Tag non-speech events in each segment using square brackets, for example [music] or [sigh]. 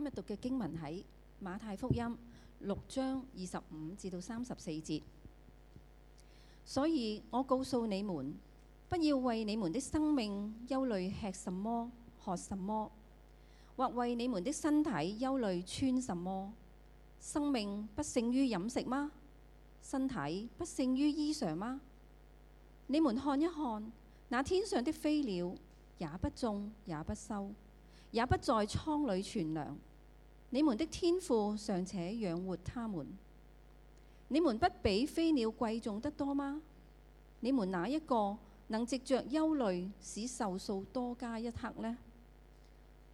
今日讀嘅經文喺馬太福音六章二十五至到三十四節。所以我告訴你們，不要為你們的生命憂慮吃什麼、喝什麼，或為你們的身體憂慮穿什麼。生命不勝於飲食嗎？身體不勝於衣裳嗎？你們看一看，那天上的飛鳥，也不種也不收，也不在倉裏存糧。你們的天父尚且養活他們，你們不比飛鳥貴重得多嗎？你們哪一個能藉著憂慮使壽數多加一刻呢？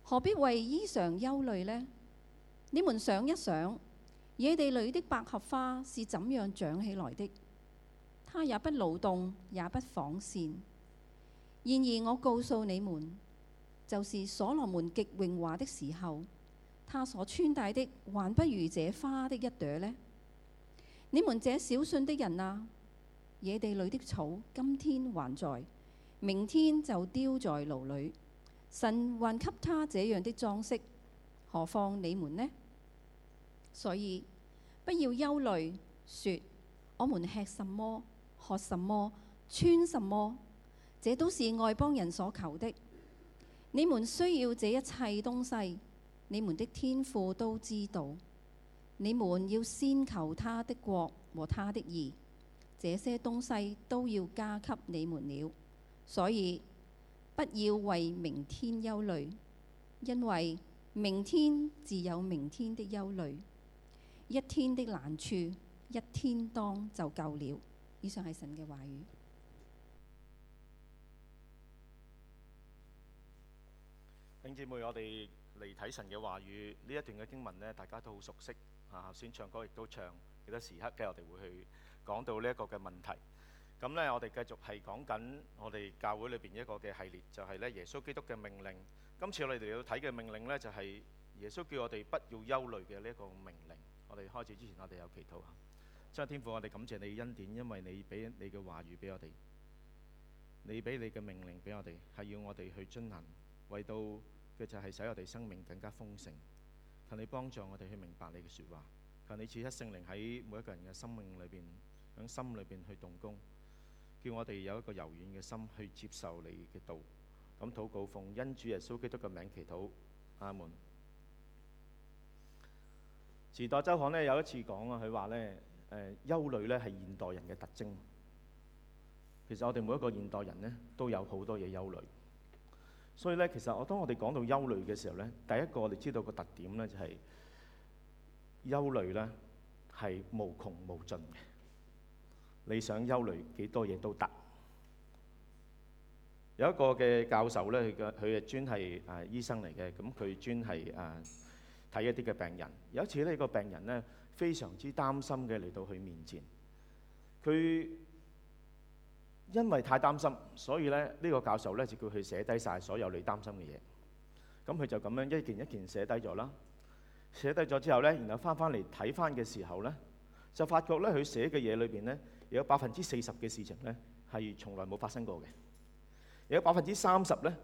何必為衣裳憂慮呢？你們想一想，野地裏的百合花是怎樣長起來的？它也不勞動，也不紡線。然而我告訴你們，就是所羅門極榮華的時候。他所穿戴的，還不如這花的一朵呢。你們這小信的人啊，野地裏的草，今天還在，明天就丟在爐裏。神還給他這樣的裝飾，何況你們呢？所以不要憂慮，說我們吃什麼，喝什麼，穿什麼，這都是外邦人所求的。你們需要這一切東西。你們的天父都知道，你們要先求他的國和他的義，這些東西都要加給你們了。所以不要為明天憂慮，因為明天自有明天的憂慮。一天的難處，一天當就夠了。以上係神嘅話語。弟兄姊妹，我哋。嚟睇神嘅話語，呢一段嘅經文呢，大家都好熟悉。啊，先唱歌亦都唱，幾多時刻嘅我哋會去講到呢一個嘅問題。咁呢，我哋繼續係講緊我哋教會裏邊一個嘅系列，就係咧耶穌基督嘅命令。今次我哋哋要睇嘅命令呢，就係耶穌叫我哋不要憂慮嘅呢一個命令。我哋開始之前，我哋有祈禱啊！真係天父，我哋感謝你恩典，因為你俾你嘅話語俾我哋，你俾你嘅命令俾我哋，係要我哋去遵行，為到。佢就係使我哋生命更加豐盛，求你幫助我哋去明白你嘅説話，求你賜一聖靈喺每一個人嘅生命裏邊，響心裏邊去動工，叫我哋有一個柔軟嘅心去接受你嘅道，咁禱告奉恩主耶穌基督嘅名祈禱，阿門。時代週刊呢有一次講啊，佢話呢誒憂慮呢係現代人嘅特徵，其實我哋每一個現代人呢都有好多嘢憂慮。所以咧，其實我當我哋講到憂慮嘅時候咧，第一個我哋知道個特點咧就係憂慮咧係無窮無盡嘅。你想憂慮幾多嘢都得。有一個嘅教授咧，佢嘅佢係專係啊醫生嚟嘅，咁佢專係啊睇一啲嘅病人。有一次咧，個病人咧非常之擔心嘅嚟到佢面前，佢。因為太擔心，所以咧呢個教授咧就叫佢寫低晒所有你擔心嘅嘢。咁佢就咁樣一件一件寫低咗啦，寫低咗之後咧，然後翻翻嚟睇翻嘅時候咧，就發覺咧佢寫嘅嘢裏邊咧，有百分之四十嘅事情咧係從來冇發生過嘅，有百分之三十咧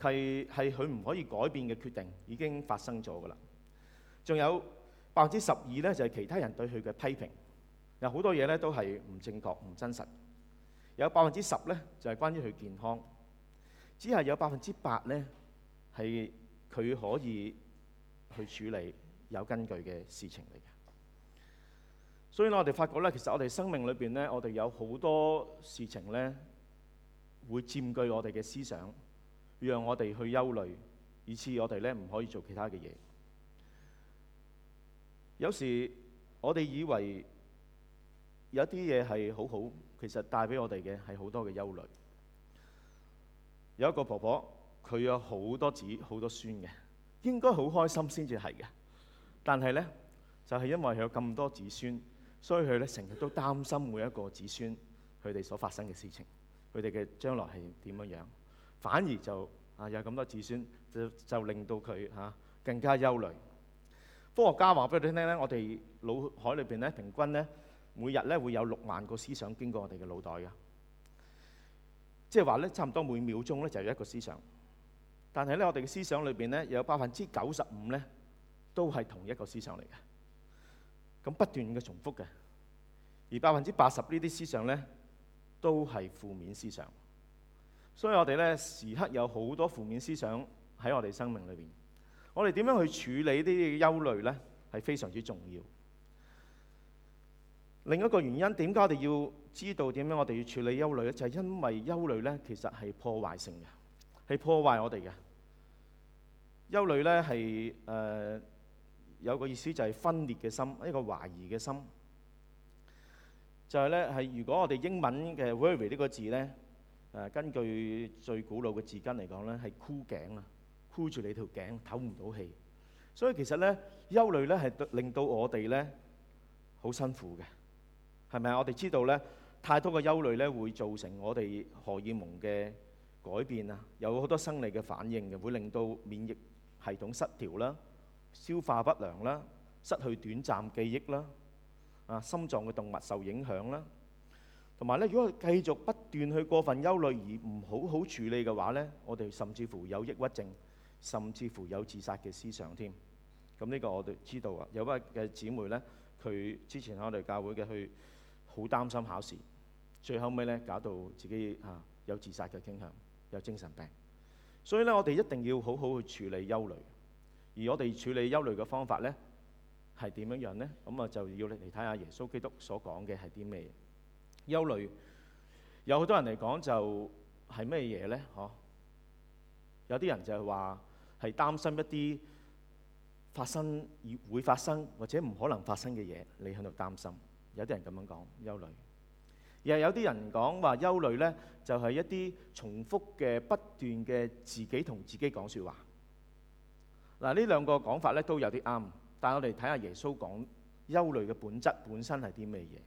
係係佢唔可以改變嘅決定已經發生咗㗎啦。仲有百分之十二咧就係其他人對佢嘅批評，有好多嘢咧都係唔正確、唔真實。有百分之十咧，就係關於佢健康；只係有百分之八咧，係佢可以去處理有根據嘅事情嚟嘅。所以我哋發覺咧，其實我哋生命裏邊咧，我哋有好多事情咧，會佔據我哋嘅思想，讓我哋去憂慮，以致我哋咧唔可以做其他嘅嘢。有時我哋以為有啲嘢係好好。其實帶俾我哋嘅係好多嘅憂慮。有一個婆婆，佢有好多子好多孫嘅，應該好開心先至係嘅。但係呢，就係、是、因為佢有咁多子孫，所以佢呢成日都擔心每一個子孫佢哋所發生嘅事情，佢哋嘅將來係點樣樣。反而就啊有咁多子孫，就就令到佢嚇、啊、更加憂慮。科學家話俾你哋聽呢，我哋腦海裏邊呢，平均呢。每日咧會有六萬個思想經過我哋嘅腦袋嘅，即係話咧，差唔多每秒鐘咧就有一個思想。但係咧，我哋嘅思想裏面咧有百分之九十五咧都係同一個思想嚟嘅，咁不斷嘅重複嘅。而百分之八十呢啲思想咧都係負面思想，所以我哋咧時刻有好多負面思想喺我哋生命裏面。我哋點樣去處理呢啲憂慮咧，係非常之重要。另一個原因，點解我哋要知道點樣？我哋要處理憂慮咧，就係因為憂慮咧，其實係破壞性嘅，係破壞我哋嘅。憂慮咧係誒有個意思就係分裂嘅心，一個懷疑嘅心。就係咧係如果我哋英文嘅 worry 呢個字咧，誒根據最古老嘅字根嚟講咧，係箍頸啊，箍住你條頸，唞唔到氣。所以其實咧，憂慮咧係令到我哋咧好辛苦嘅。係咪啊？我哋知道咧，太多嘅憂慮咧，會造成我哋荷爾蒙嘅改變啊，有好多生理嘅反應嘅，會令到免疫系統失調啦、消化不良啦、失去短暫記憶啦、啊心臟嘅動物受影響啦，同埋咧，如果繼續不斷去過分憂慮而唔好好處理嘅話咧，我哋甚至乎有抑鬱症，甚至乎有自殺嘅思想添。咁呢個我哋知道啊。有位嘅姊妹咧，佢之前喺我哋教會嘅去。好擔心考試，最後尾咧，搞到自己嚇有自殺嘅傾向，有精神病。所以咧，我哋一定要好好去處理憂慮。而我哋處理憂慮嘅方法咧，係點樣樣咧？咁啊，就要你嚟睇下耶穌基督所講嘅係啲咩嘢。憂慮有好多人嚟講就係咩嘢咧？嗬，有啲人就係話係擔心一啲發生而會發生或者唔可能發生嘅嘢，你喺度擔心。有啲人咁樣講憂慮，又有啲人講話憂慮呢，就係一啲重複嘅不斷嘅自己同自己講説話。嗱，呢兩個講法呢都有啲啱，但係我哋睇下耶穌講憂慮嘅本質本身係啲咩嘢。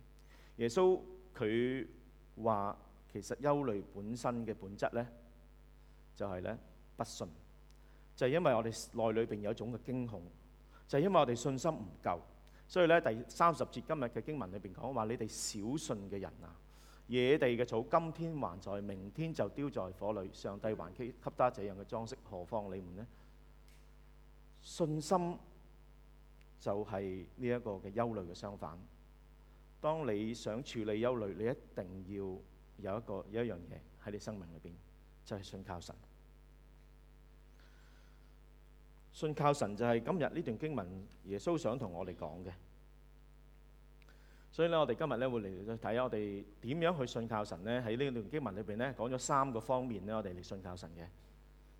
耶穌佢話其實憂慮本身嘅本質呢，就係呢不信，就係因為我哋內裏邊有一種嘅驚恐，就係因為我哋信心唔夠。所以咧，第三十節今日嘅經文裏邊講話：你哋小信嘅人啊，野地嘅草，今天還在，明天就丟在火裏。上帝還給給他這樣嘅裝飾，何況你們呢？信心就係呢一個嘅憂慮嘅相反。當你想處理憂慮，你一定要有一個有一樣嘢喺你生命裏邊，就係信靠神。信靠神就係今日呢段經文耶穌想同我哋講嘅，所以咧我哋今日咧會嚟睇下我哋點樣去信靠神咧。喺呢段經文裏邊咧講咗三個方面咧，我哋嚟信靠神嘅。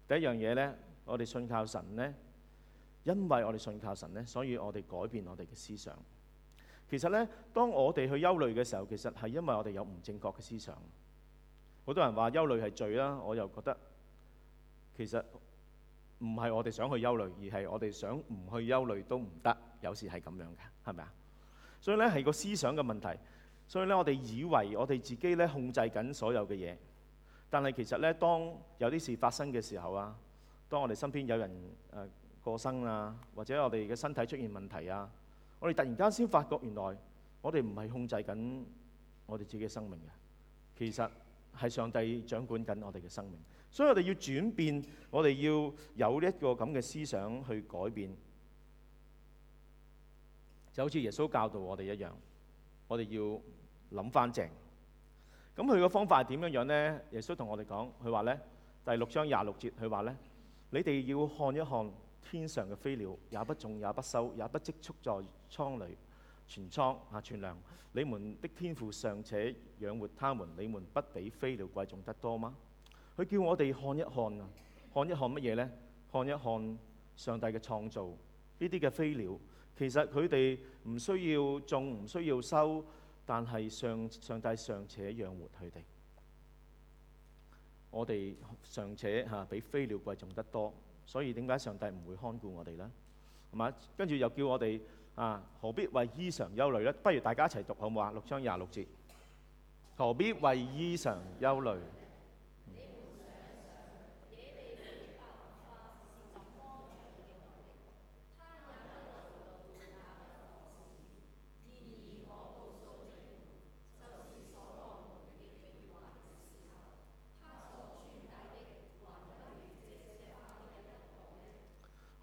第一樣嘢咧，我哋信靠神咧，因為我哋信靠神咧，所以我哋改變我哋嘅思想。其實咧，當我哋去憂慮嘅時候，其實係因為我哋有唔正確嘅思想。好多人話憂慮係罪啦，我又覺得其實。唔係我哋想去憂慮，而係我哋想唔去憂慮都唔得。有時係咁樣嘅，係咪啊？所以咧係個思想嘅問題。所以咧我哋以為我哋自己咧控制緊所有嘅嘢，但係其實咧當有啲事發生嘅時候啊，當我哋身邊有人誒過身啊，或者我哋嘅身體出現問題啊，我哋突然間先發覺原來我哋唔係控制緊我哋自己嘅生命嘅，其實係上帝掌管緊我哋嘅生命。所以我哋要轉變，我哋要有一個咁嘅思想去改變，就好似耶穌教導我哋一樣，我哋要諗翻正。咁佢嘅方法係點樣樣呢？耶穌同我哋講，佢話呢：「第六章廿六節」，佢話呢：「你哋要看一看天上嘅飛鳥，也不種也不收，也不積蓄在倉裏存倉啊，存糧。你們的天父尚且養活他們，你們不比飛鳥貴重得多嗎？佢叫我哋看一看啊，看一看乜嘢呢？看一看上帝嘅創造呢啲嘅飛鳥，其實佢哋唔需要種，唔需要收，但係上上帝尚且養活佢哋，我哋尚且嚇比飛鳥貴重得多，所以點解上帝唔會看顧我哋呢？係嘛？跟住又叫我哋啊，何必為衣裳憂慮呢？不如大家一齊讀好唔好啊？六章廿六節，何必為衣裳憂慮？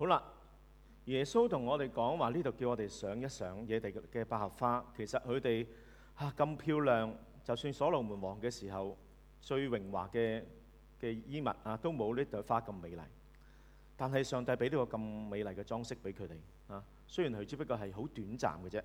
好啦，耶穌同我哋講話呢度叫我哋賞一賞野地嘅百合花。其實佢哋啊咁漂亮，就算所羅門王嘅時候最榮華嘅嘅衣物啊，都冇呢朵花咁美麗。但係上帝俾呢個咁美麗嘅裝飾俾佢哋啊，雖然佢只不過係好短暫嘅啫。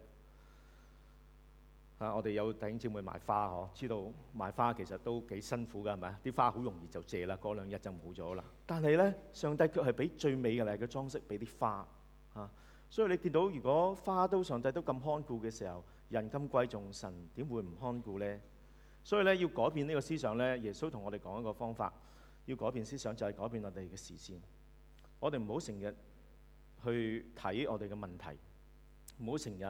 啊！我哋有弟兄姊妹賣花嗬，知道賣花其實都幾辛苦㗎，係咪啊？啲花好容易就謝啦，過兩日就冇咗啦。但係咧，上帝卻係俾最美嘅麗嘅裝飾俾啲花嚇、啊，所以你見到如果花都上帝都咁看顧嘅時候，人咁貴重，神點會唔看顧咧？所以咧，要改變呢個思想咧，耶穌同我哋講一個方法，要改變思想就係改變我哋嘅視線。我哋唔好成日去睇我哋嘅問題，唔好成日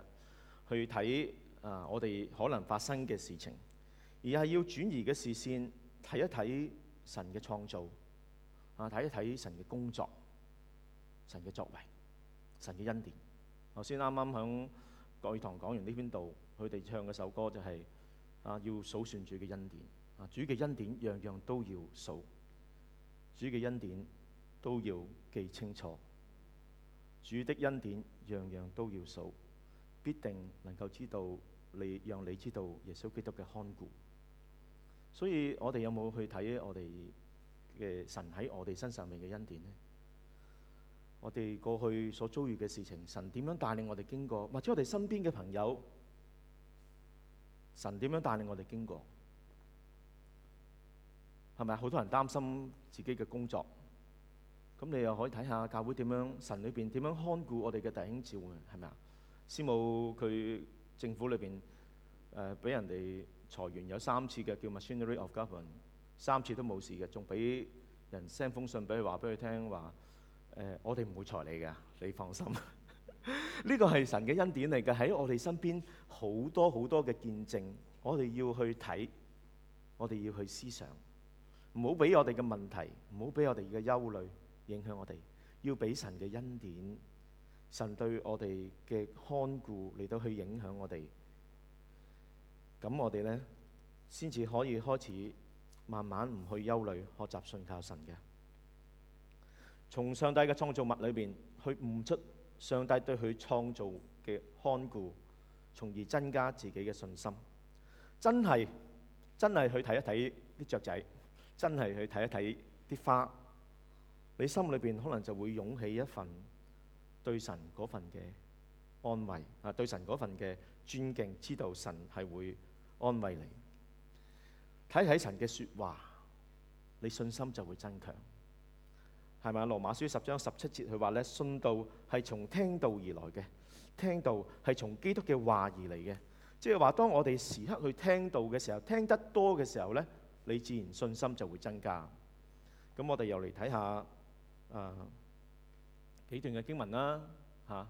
去睇。啊！我哋可能發生嘅事情，而係要轉移嘅視線，睇一睇神嘅創造，啊睇一睇神嘅工作，神嘅作為，神嘅恩典。頭先啱啱響愛堂講完呢邊度，佢哋唱嘅首歌就係、是、啊，要數算主嘅恩典。啊，主嘅恩典樣樣都要數，主嘅恩典都要記清楚，主的恩典樣樣都要數，必定能夠知道。你讓你知道耶穌基督嘅看顧，所以我哋有冇去睇我哋嘅神喺我哋身上面嘅恩典咧？我哋過去所遭遇嘅事情，神點樣帶領我哋經過，或者我哋身邊嘅朋友，神點樣帶領我哋經過？係咪？好多人擔心自己嘅工作，咁你又可以睇下教會點樣神裏邊點樣看顧我哋嘅弟兄召會，係咪啊？師母，佢。政府裏面誒俾、呃、人哋裁員有三次嘅叫 machinery of government，三次都冇事嘅，仲俾人 send 封信俾佢話俾佢聽話誒，我哋唔會裁你噶，你放心。呢個係神嘅恩典嚟嘅。喺我哋身邊好多好多嘅見證，我哋要去睇，我哋要去思想，唔好俾我哋嘅問題，唔好俾我哋嘅憂慮影響我哋，要俾神嘅恩典。神對我哋嘅看顧嚟到去影響我哋，咁我哋呢，先至可以開始慢慢唔去憂慮，學習信靠神嘅。從上帝嘅創造物裏面去悟出上帝對佢創造嘅看顧，從而增加自己嘅信心。真係真係去睇一睇啲雀仔，真係去睇一睇啲花，你心裏面可能就會湧起一份。對神嗰份嘅安慰啊，對神嗰份嘅尊敬，知道神係會安慰你。睇睇神嘅説話，你信心就會增強。係咪啊？羅馬書十章十七節佢話咧，信道係從聽道而來嘅，聽道係從基督嘅話而嚟嘅。即係話，當我哋時刻去聽道嘅時候，聽得多嘅時候咧，你自然信心就會增加。咁我哋又嚟睇下啊。呃幾段嘅經文啦、啊，嚇、啊，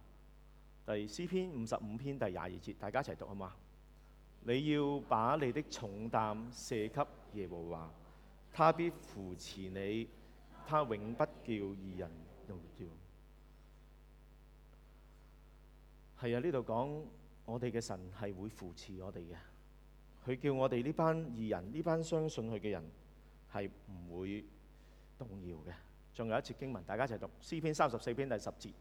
第詩篇五十五篇第二十二節，大家一齊讀好嘛！ [music] 你要把你的重擔卸給耶和華，他必扶持你，他永不叫義人動搖。係 [music] 啊，呢度講我哋嘅神係會扶持我哋嘅，佢叫我哋呢班義人，呢班相信佢嘅人係唔會動搖嘅。仲有一節經文，大家一齊讀《詩篇》三十四篇第十節：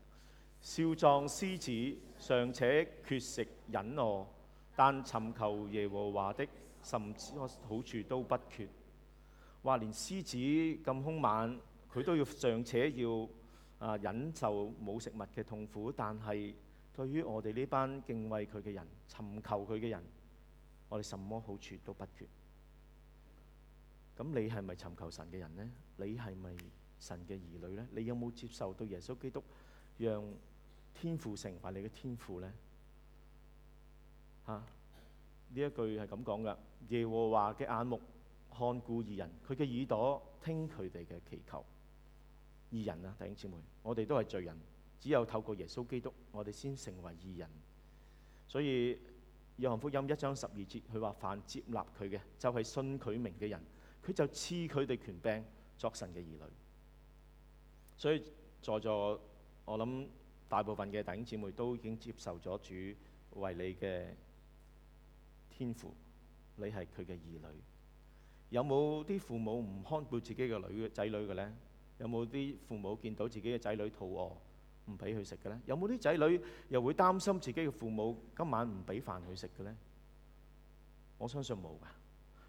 少壯獅子尚且缺食忍餓，但尋求耶和華的，甚麼我好處都不缺。話連獅子咁兇猛，佢都要尚且要啊忍受冇食物嘅痛苦，但係對於我哋呢班敬畏佢嘅人、尋求佢嘅人，我哋什麼好處都不缺。咁你係咪尋求神嘅人呢？你係咪？神嘅兒女呢？你有冇接受到耶穌基督，讓天父成為你嘅天父呢？嚇、啊，呢一句係咁講嘅。耶和華嘅眼目看顧義人，佢嘅耳朵聽佢哋嘅祈求。義人啊，弟兄姊妹，我哋都係罪人，只有透過耶穌基督，我哋先成為義人。所以《約翰福音》一章十二節，佢話：凡接納佢嘅，就係、是、信佢名嘅人，佢就賜佢哋權柄作神嘅兒女。所以在座我諗大部分嘅弟兄姊妹都已經接受咗主為你嘅天父，你係佢嘅兒女。有冇啲父母唔看顧自己嘅女仔女嘅咧？有冇啲父母見到自己嘅仔女肚餓，唔俾佢食嘅咧？有冇啲仔女又會擔心自己嘅父母今晚唔俾飯佢食嘅咧？我相信冇噶。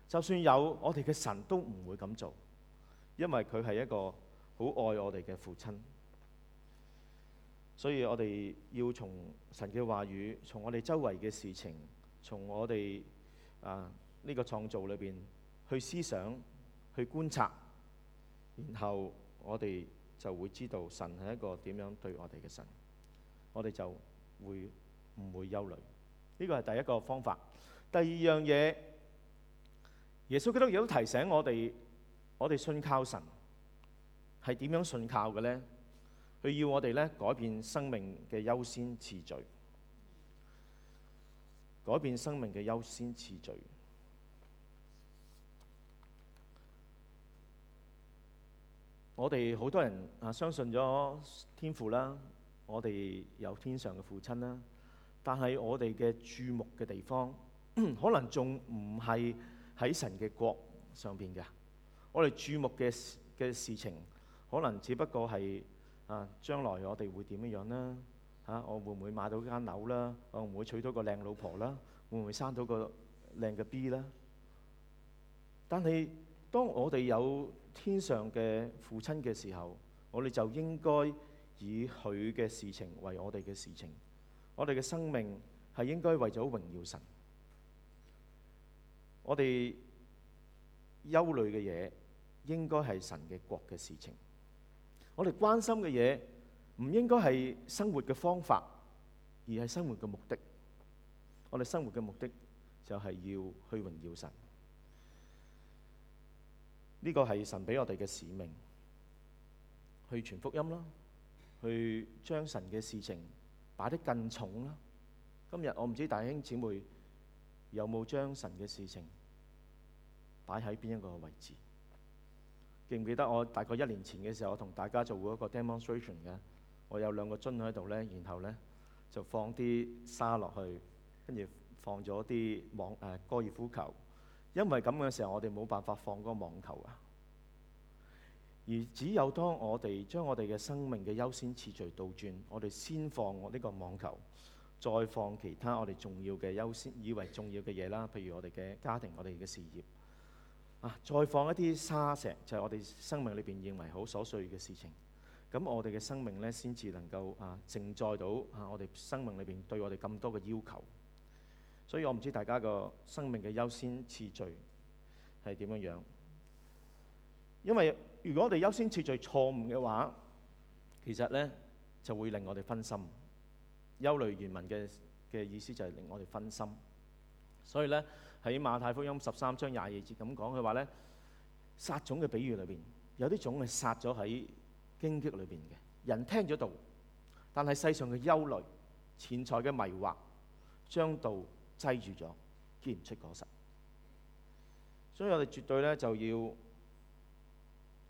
就算有，我哋嘅神都唔會咁做，因為佢係一個好愛我哋嘅父親，所以我哋要從神嘅話語，從我哋周圍嘅事情，從我哋啊呢個創造裏邊去思想、去觀察，然後我哋就會知道神係一個點樣對我哋嘅神，我哋就會唔會憂慮。呢個係第一個方法。第二樣嘢，耶穌基督亦都提醒我哋，我哋信靠神。係點樣信靠嘅呢？佢要我哋咧改變生命嘅優先次序，改變生命嘅優先次序。我哋好多人啊，相信咗天父啦，我哋有天上嘅父親啦，但係我哋嘅注目嘅地方，可能仲唔係喺神嘅國上邊嘅。我哋注目嘅嘅事情。可能只不過係啊，將來我哋會點樣樣呢？吓，我會唔會買到間樓啦？我會唔會娶到個靚老婆啦？會唔會生到個靚嘅 B 啦？但係當我哋有天上嘅父親嘅時候，我哋就應該以佢嘅事情為我哋嘅事情。我哋嘅生命係應該為咗榮耀神。我哋憂慮嘅嘢應該係神嘅國嘅事情。我哋關心嘅嘢唔應該係生活嘅方法，而係生活嘅目的。我哋生活嘅目的就係要去榮耀神。呢個係神俾我哋嘅使命，去傳福音啦，去將神嘅事情擺得更重啦。今日我唔知弟兄姊妹有冇將神嘅事情擺喺邊一個位置。記唔記得我大概一年前嘅時候，我同大家做過一個 demonstration 嘅。我有兩個樽喺度咧，然後咧就放啲沙落去，跟住放咗啲網、誒、高爾夫球。因為咁嘅時候，我哋冇辦法放嗰個網球啊。而只有當我哋將我哋嘅生命嘅優先次序倒轉，我哋先放我呢個網球，再放其他我哋重要嘅優先以為重要嘅嘢啦，譬如我哋嘅家庭、我哋嘅事業。再放一啲沙石，就係我哋生命裏邊認為好瑣碎嘅事情。咁我哋嘅生命呢，先至能夠啊承載到啊我哋生命裏邊對我哋咁多嘅要求。所以我唔知大家個生命嘅優先次序係點樣樣。因為如果我哋優先次序錯誤嘅話，其實呢就會令我哋分心。憂慮原文嘅嘅意思就係令我哋分心。所以呢。喺馬太福音十三章廿二節咁講，佢話咧撒種嘅比喻裏邊，有啲種係撒咗喺荊棘裏邊嘅人聽咗道，但係世上嘅憂慮、錢財嘅迷惑，將道擠住咗，見唔出果實。所以我哋絕對咧就要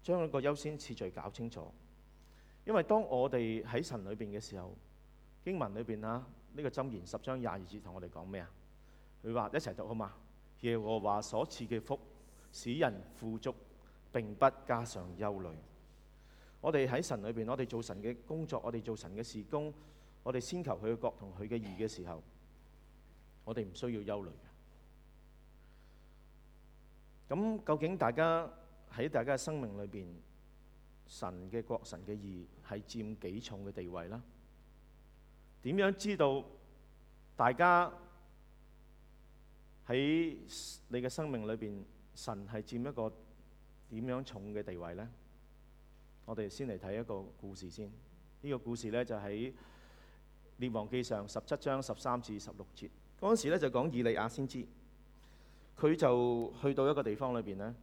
將一個優先次序搞清楚，因為當我哋喺神裏邊嘅時候，經文裏邊啊呢個箴言十章廿二節同我哋講咩啊？佢話：一齊讀好嘛？耶和華所賜嘅福，使人富足，並不加上憂慮。我哋喺神裏邊，我哋做神嘅工作，我哋做神嘅事工，我哋先求佢嘅國同佢嘅義嘅時候，我哋唔需要憂慮嘅。咁究竟大家喺大家嘅生命裏邊，神嘅國、神嘅義係佔幾重嘅地位呢？點樣知道大家？喺你嘅生命裏邊，神係佔一個點樣重嘅地位呢？我哋先嚟睇一個故事先。呢、這個故事呢，就喺、是《列王記》上十七章十三至十六節。嗰陣時咧就講以利亞先知，佢就去到一個地方裏邊呢，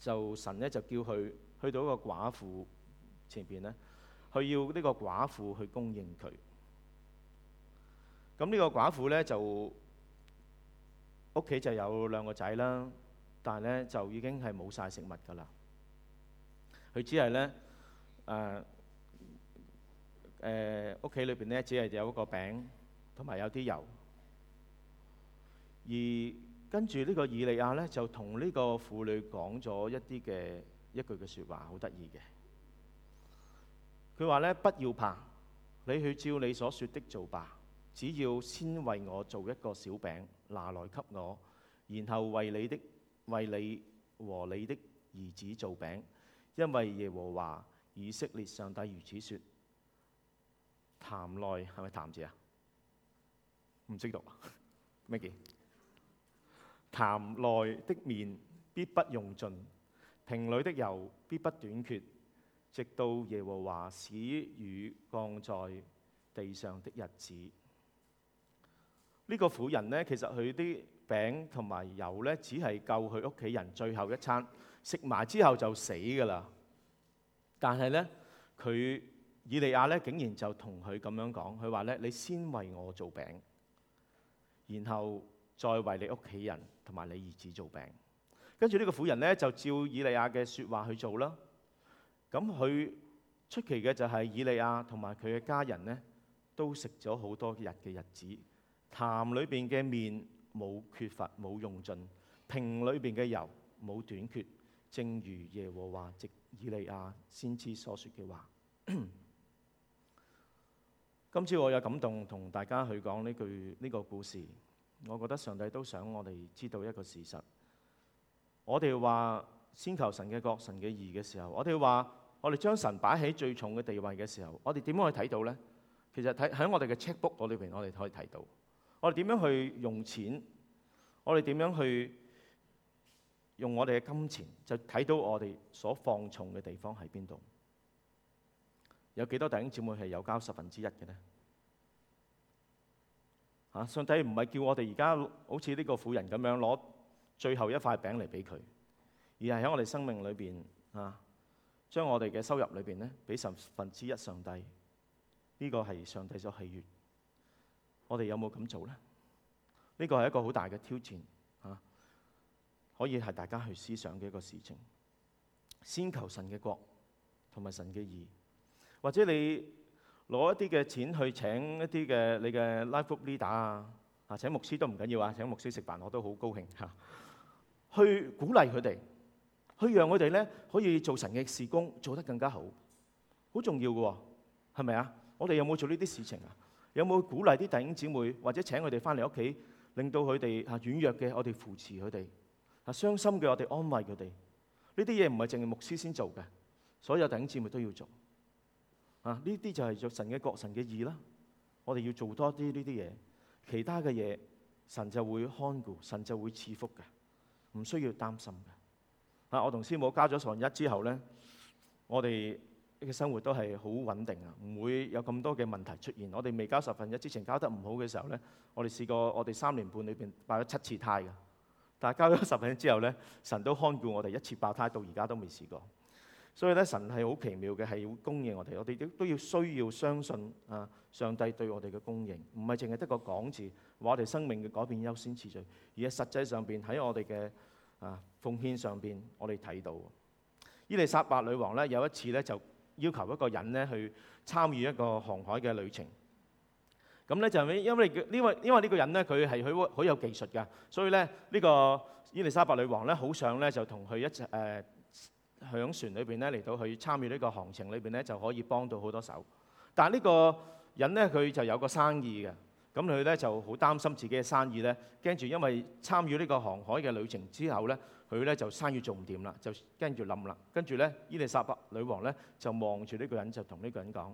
就神呢，就叫佢去到一個寡婦前邊呢，佢要呢個寡婦去供應佢。咁呢個寡婦呢，就～屋企就有兩個仔啦，但係咧就已經係冇晒食物噶啦。佢只係咧誒誒屋企裏邊咧只係有一個餅，同埋有啲油，而跟住呢個以利亞咧，就同呢個婦女講咗一啲嘅一句嘅說話，好得意嘅。佢話咧：不要怕，你去照你所說的做吧，只要先為我做一個小餅。拿來給我，然後為你的、為你和你的兒子做餅，因為耶和華以色列上帝如此説：壇內係咪壇字啊？唔識讀啊？Maggie 壇內的麵必不用盡，瓶裏的油必不短缺，直到耶和華使雨降在地上的日子。呢個婦人咧，其實佢啲餅同埋油咧，只係夠佢屋企人最後一餐食埋之後就死㗎啦。但係咧，佢以利亞咧竟然就同佢咁樣講，佢話咧：你先為我做餅，然後再為你屋企人同埋你兒子做餅。跟住呢個婦人咧就照以利亞嘅説話去做啦。咁佢出奇嘅就係以利亞同埋佢嘅家人咧都食咗好多日嘅日子。壇裏邊嘅麵冇缺乏，冇用盡，瓶裏邊嘅油冇短缺，正如耶和華即以利亞先知所說嘅話。 [coughs] 今次我有感動，同大家去講呢句呢、呢個故事。我覺得上帝都想我哋知道一個事實。我哋話先求神嘅國、神嘅義嘅時候，我哋話我哋將神擺喺最重嘅地位嘅時候，我哋點樣去睇到呢？其實睇喺我哋嘅 checkbook 裏邊，我哋可以睇到。我哋點樣去用錢？我哋點樣去用我哋嘅金錢？就睇到我哋所放縱嘅地方喺邊度？有幾多弟兄姊妹係有交十分之一嘅呢？嚇！上帝唔係叫我哋而家好似呢個婦人咁樣攞最後一塊餅嚟俾佢，而係喺我哋生命裏邊嚇，將、啊、我哋嘅收入裏邊咧俾十分之一上帝。呢、這個係上帝所喜悦。我哋有冇咁做咧？呢個係一個好大嘅挑戰嚇，可以係大家去思想嘅一個事情。先求神嘅國同埋神嘅義，或者你攞一啲嘅錢去請一啲嘅你嘅 life group leader 啊，啊請牧師都唔緊要啊，請牧師食飯我都好高興嚇，去鼓勵佢哋，去讓佢哋咧可以做神嘅事工，做得更加好，好重要嘅喎，係咪啊？我哋有冇做呢啲事情啊？有冇鼓勵啲弟兄姊妹，或者請佢哋翻嚟屋企，令到佢哋吓軟弱嘅，我哋扶持佢哋；吓傷心嘅，我哋安慰佢哋。呢啲嘢唔係淨係牧師先做嘅，所有弟兄姊妹都要做。啊，呢啲就係做神嘅國、神嘅義啦。我哋要做多啲呢啲嘢，其他嘅嘢神就會看顧，神就會賜福嘅，唔需要擔心嘅。啊，我同師母加咗上一之後咧，我哋。嘅生活都係好穩定啊，唔會有咁多嘅問題出現。我哋未交十分一之前，交得唔好嘅時候咧，我哋試過我哋三年半裏邊爆咗七次胎㗎。但係交咗十分一之後咧，神都看顧我哋，一次爆胎，到而家都未試過。所以咧，神係好奇妙嘅，係要供應我哋，我哋亦都要需要相信啊！上帝對我哋嘅供應，唔係淨係得個講字，話我哋生命嘅改變優先次序，而係實際上邊喺我哋嘅啊奉獻上邊，我哋睇到伊麗莎白女王咧有一次咧就。要求一個人咧去參與一個航海嘅旅程，咁咧就因為因為因為呢個人咧佢係好好有技術㗎，所以咧呢個伊利沙伯女王咧好想咧就同佢一齊誒響船裏邊咧嚟到去參與呢個航程裏邊咧就可以幫到好多手，但係呢個人咧佢就有一個生意嘅。咁佢咧就好擔心自己嘅生意咧，跟住因為參與呢個航海嘅旅程之後咧，佢咧就生意做唔掂啦，就跟住冧啦。跟住咧，伊利沙伯女王咧就望住呢個人就同呢個人講：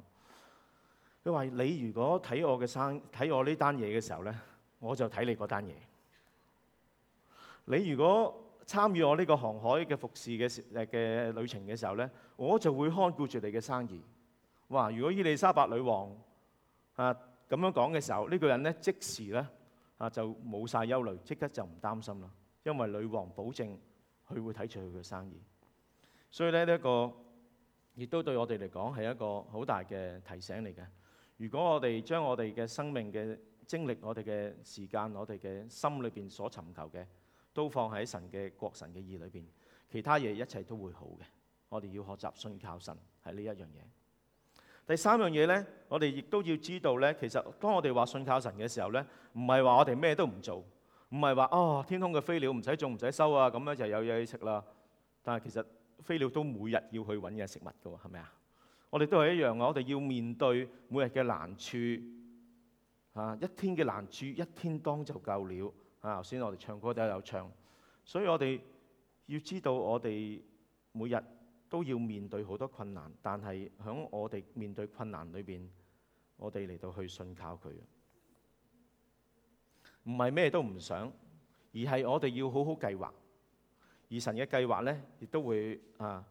佢話你如果睇我嘅生睇我呢單嘢嘅時候咧，我就睇你嗰單嘢。你如果參與我呢個航海嘅服侍嘅嘅旅程嘅時候咧，我就會看顧住你嘅生意。哇！如果伊利沙伯女王啊～咁樣講嘅時候，呢個人呢即時呢啊就冇晒憂慮，即刻就唔擔心啦，因為女王保證佢會睇住佢嘅生意。所以呢呢一個亦都對我哋嚟講係一個好大嘅提醒嚟嘅。如果我哋將我哋嘅生命嘅精力、我哋嘅時間、我哋嘅心裏邊所尋求嘅，都放喺神嘅國、神嘅義裏邊，其他嘢一切都會好嘅。我哋要學習信靠神，係呢一樣嘢。第三樣嘢呢，我哋亦都要知道呢。其實當我哋話信靠神嘅時候呢，唔係話我哋咩都唔做，唔係話啊天空嘅飛鳥唔使種唔使收啊，咁樣就有嘢食啦。但係其實飛鳥都每日要去揾嘅食物噶喎，係咪啊？我哋都係一樣，我哋要面對每日嘅難處啊，一天嘅難處一天當就夠了啊。頭先我哋唱歌都有唱，所以我哋要知道我哋每日，都要面對好多困難，但係喺我哋面對困難裏邊，我哋嚟到去信靠佢，唔係咩都唔想，而係我哋要好好計劃。而神嘅計劃呢，亦都會啊，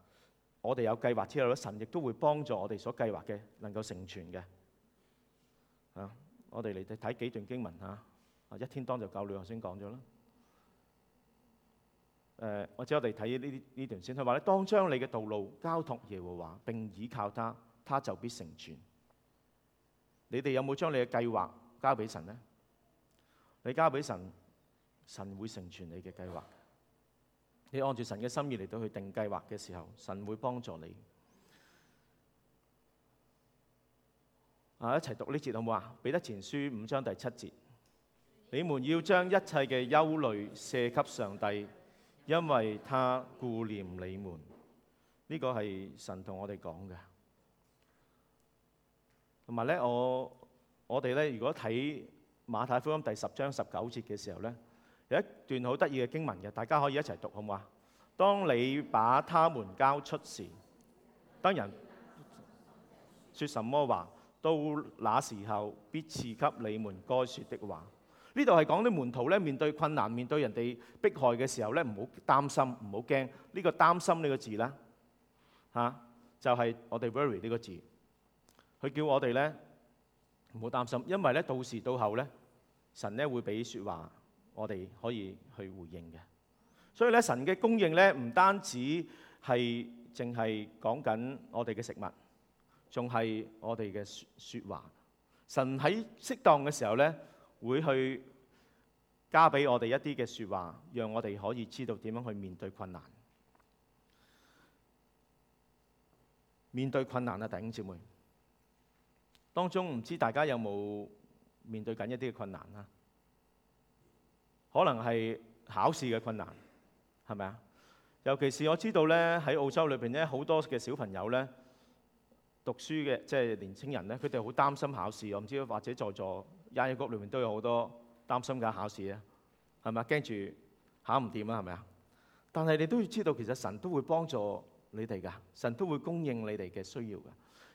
我哋有計劃之後，神亦都會幫助我哋所計劃嘅能夠成全嘅。啊，我哋嚟睇幾段經文嚇，啊，一天當就夠兩先講咗啦。誒，或者我哋睇呢啲呢段先，佢話咧：當將你嘅道路交託耶和華，並倚靠他，他就必成全。你哋有冇將你嘅計劃交俾神呢？你交俾神，神會成全你嘅計劃。你按住神嘅心意嚟到去定計劃嘅時候，神會幫助你。啊，一齊讀呢節好冇啊？彼得前書五章第七節：你們要將一切嘅憂慮卸給上帝。因為他顧念你們，這個、是們呢個係神同我哋講嘅。同埋咧，我我哋咧，如果睇馬太福音第十章十九節嘅時候咧，有一段好得意嘅經文嘅，大家可以一齊讀好唔好啊？當你把他們交出時，當人説什麼話，到那時候必賜給你們該説的話。呢度係講啲門徒咧，面對困難，面對人哋迫害嘅時候咧，唔好擔心，唔好驚。呢個擔心呢個字啦，吓就係我哋 worry 呢個字。佢叫我哋咧唔好擔心，因為咧到時到後咧，神咧會俾說話，我哋可以去回應嘅。所以咧，神嘅供應咧唔單止係淨係講緊我哋嘅食物，仲係我哋嘅說說話。神喺適當嘅時候咧。會去加俾我哋一啲嘅說話，讓我哋可以知道點樣去面對困難。面對困難啊，弟兄姐妹，當中唔知大家有冇面對緊一啲嘅困難啦、啊？可能係考試嘅困難，係咪啊？尤其是我知道呢，喺澳洲裏面呢，好多嘅小朋友呢，讀書嘅，即係年青人呢，佢哋好擔心考試。我唔知或者在座。亞洲國裏面都有好多擔心嘅考試啊，係咪啊？驚住考唔掂啊，係咪啊？但係你都要知道，其實神都會幫助你哋噶，神都會供應你哋嘅需要噶。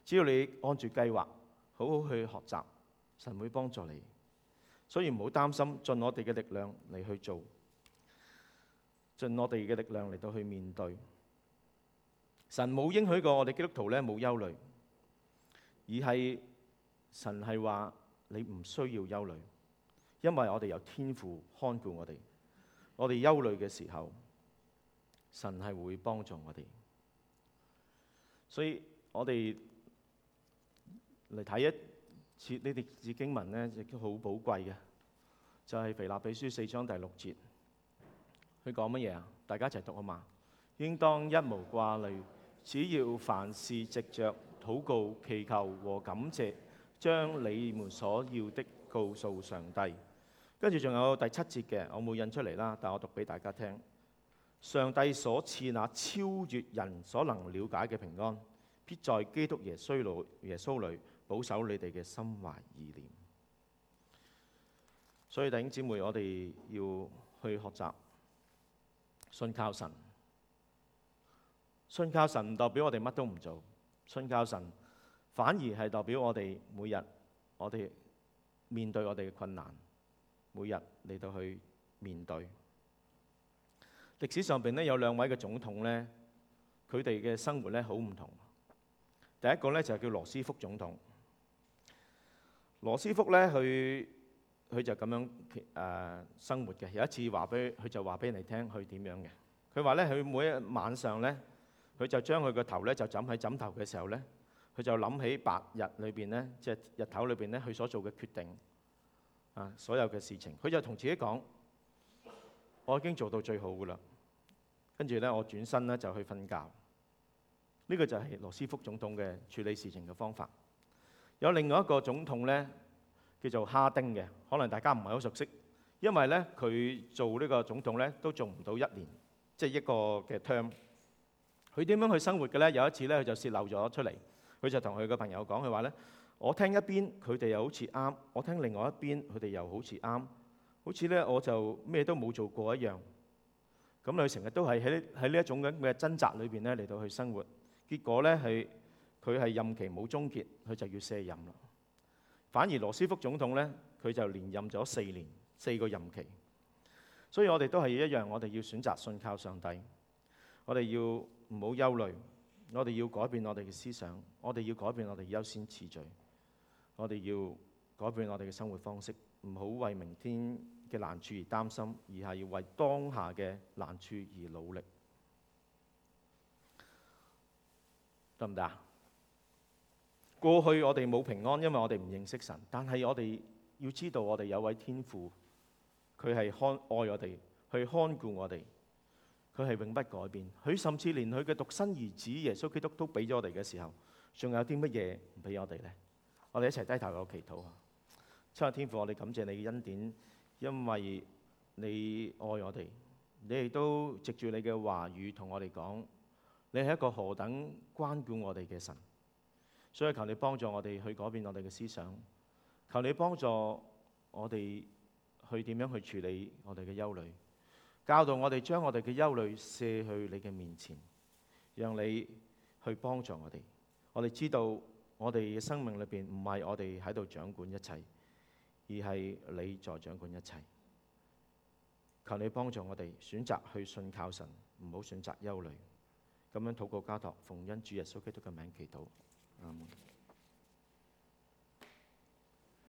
只要你按住計劃，好好去學習，神會幫助你。所以唔好擔心，盡我哋嘅力量嚟去做，盡我哋嘅力量嚟到去面對。神冇應許過我哋基督徒咧冇憂慮，而係神係話。你唔需要憂慮，因為我哋有天父看顧我哋。我哋憂慮嘅時候，神係會幫助我哋。所以我哋嚟睇一次呢啲聖經文呢，亦都好寶貴嘅。就係、是、腓立比書四章第六節，佢講乜嘢啊？大家一齊讀啊嘛！應當一無掛慮，只要凡事藉着禱告、祈求和感謝。將你們所要的告訴上帝，跟住仲有第七節嘅，我冇印出嚟啦，但我讀俾大家聽。上帝所賜那超越人所能了解嘅平安，必在基督耶穌裏耶穌裏保守你哋嘅心懷意念。所以弟兄姊妹，我哋要去學習信靠神，信靠神唔代表我哋乜都唔做，信靠神。反而係代表我哋每日，我哋面對我哋嘅困難，每日嚟到去面對。歷史上面呢有兩位嘅總統呢，佢哋嘅生活呢好唔同。第一個呢就係叫羅斯福總統。羅斯福呢，佢佢就咁樣誒生活嘅。有一次話俾佢就話俾你聽，佢點樣嘅？佢話呢，佢每一晚上呢，佢就將佢個頭呢就枕喺枕頭嘅時候呢。佢就諗起白日裏邊咧，即係日頭裏邊咧，佢所做嘅決定啊，所有嘅事情，佢就同自己講：我已經做到最好噶啦。跟住咧，我轉身咧就去瞓覺。呢個就係羅斯福總統嘅處理事情嘅方法。有另外一個總統咧，叫做哈丁嘅，可能大家唔係好熟悉，因為咧佢做呢個總統咧都做唔到一年，即係一個嘅 term。佢點樣去生活嘅咧？有一次咧，佢就泄漏咗出嚟。佢就同佢嘅朋友講，佢話咧，我聽一邊，佢哋又好似啱，我聽另外一邊，佢哋又好似啱。好似咧，我就咩都冇做過一樣。咁佢成日都係喺喺呢一種咁嘅掙扎裏邊咧嚟到去生活。結果咧，係佢係任期冇終結，佢就要卸任啦。反而羅斯福總統咧，佢就連任咗四年，四個任期。所以我哋都係一樣，我哋要選擇信靠上帝，我哋要唔好憂慮。我哋要改變我哋嘅思想，我哋要改變我哋優先次序，我哋要改變我哋嘅生活方式，唔好為明天嘅難處而擔心，而係要為當下嘅難處而努力，得唔得啊？過去我哋冇平安，因為我哋唔認識神，但係我哋要知道我哋有位天父，佢係看愛我哋，去看顧我哋。佢係永不改變。佢甚至連佢嘅獨生兒子耶穌基督都俾咗我哋嘅時候，仲有啲乜嘢唔俾我哋呢？我哋一齊低頭有祈禱啊！親愛天父，我哋感謝你嘅恩典，因為你愛我哋，你亦都藉住你嘅話語同我哋講，你係一個何等關顧我哋嘅神。所以求你幫助我哋去改變我哋嘅思想，求你幫助我哋去點樣去處理我哋嘅憂慮。教導我哋將我哋嘅憂慮卸去你嘅面前，讓你去幫助我哋。我哋知道我哋嘅生命裏邊唔係我哋喺度掌管一切，而係你在掌管一切。求你幫助我哋選擇去信靠神，唔好選擇憂慮。咁樣禱告加，加托奉恩主耶穌基督嘅名祈禱，Amen.